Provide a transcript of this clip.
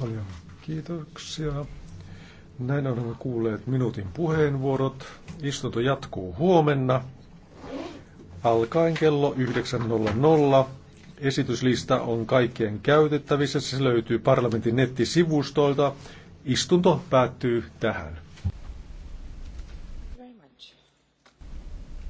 Paljon kiitoksia. Näin olemme kuulleet minuutin puheenvuorot. Istunto jatkuu huomenna alkaen kello 9.00. Esityslista on kaikkien käytettävissä. Se löytyy parlamentin nettisivustoilta. Istunto päättyy tähän.